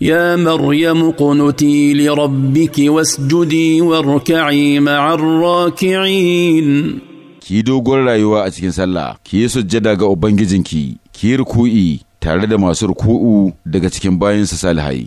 يا مريم اقنتي لربك واسجدي واركعي مع الراكعين ki dogon rayuwa a cikin sallah ki yi sujjada ga ubangijinki ki yi ruku'i tare da masu ruku'u daga cikin bayansa salihai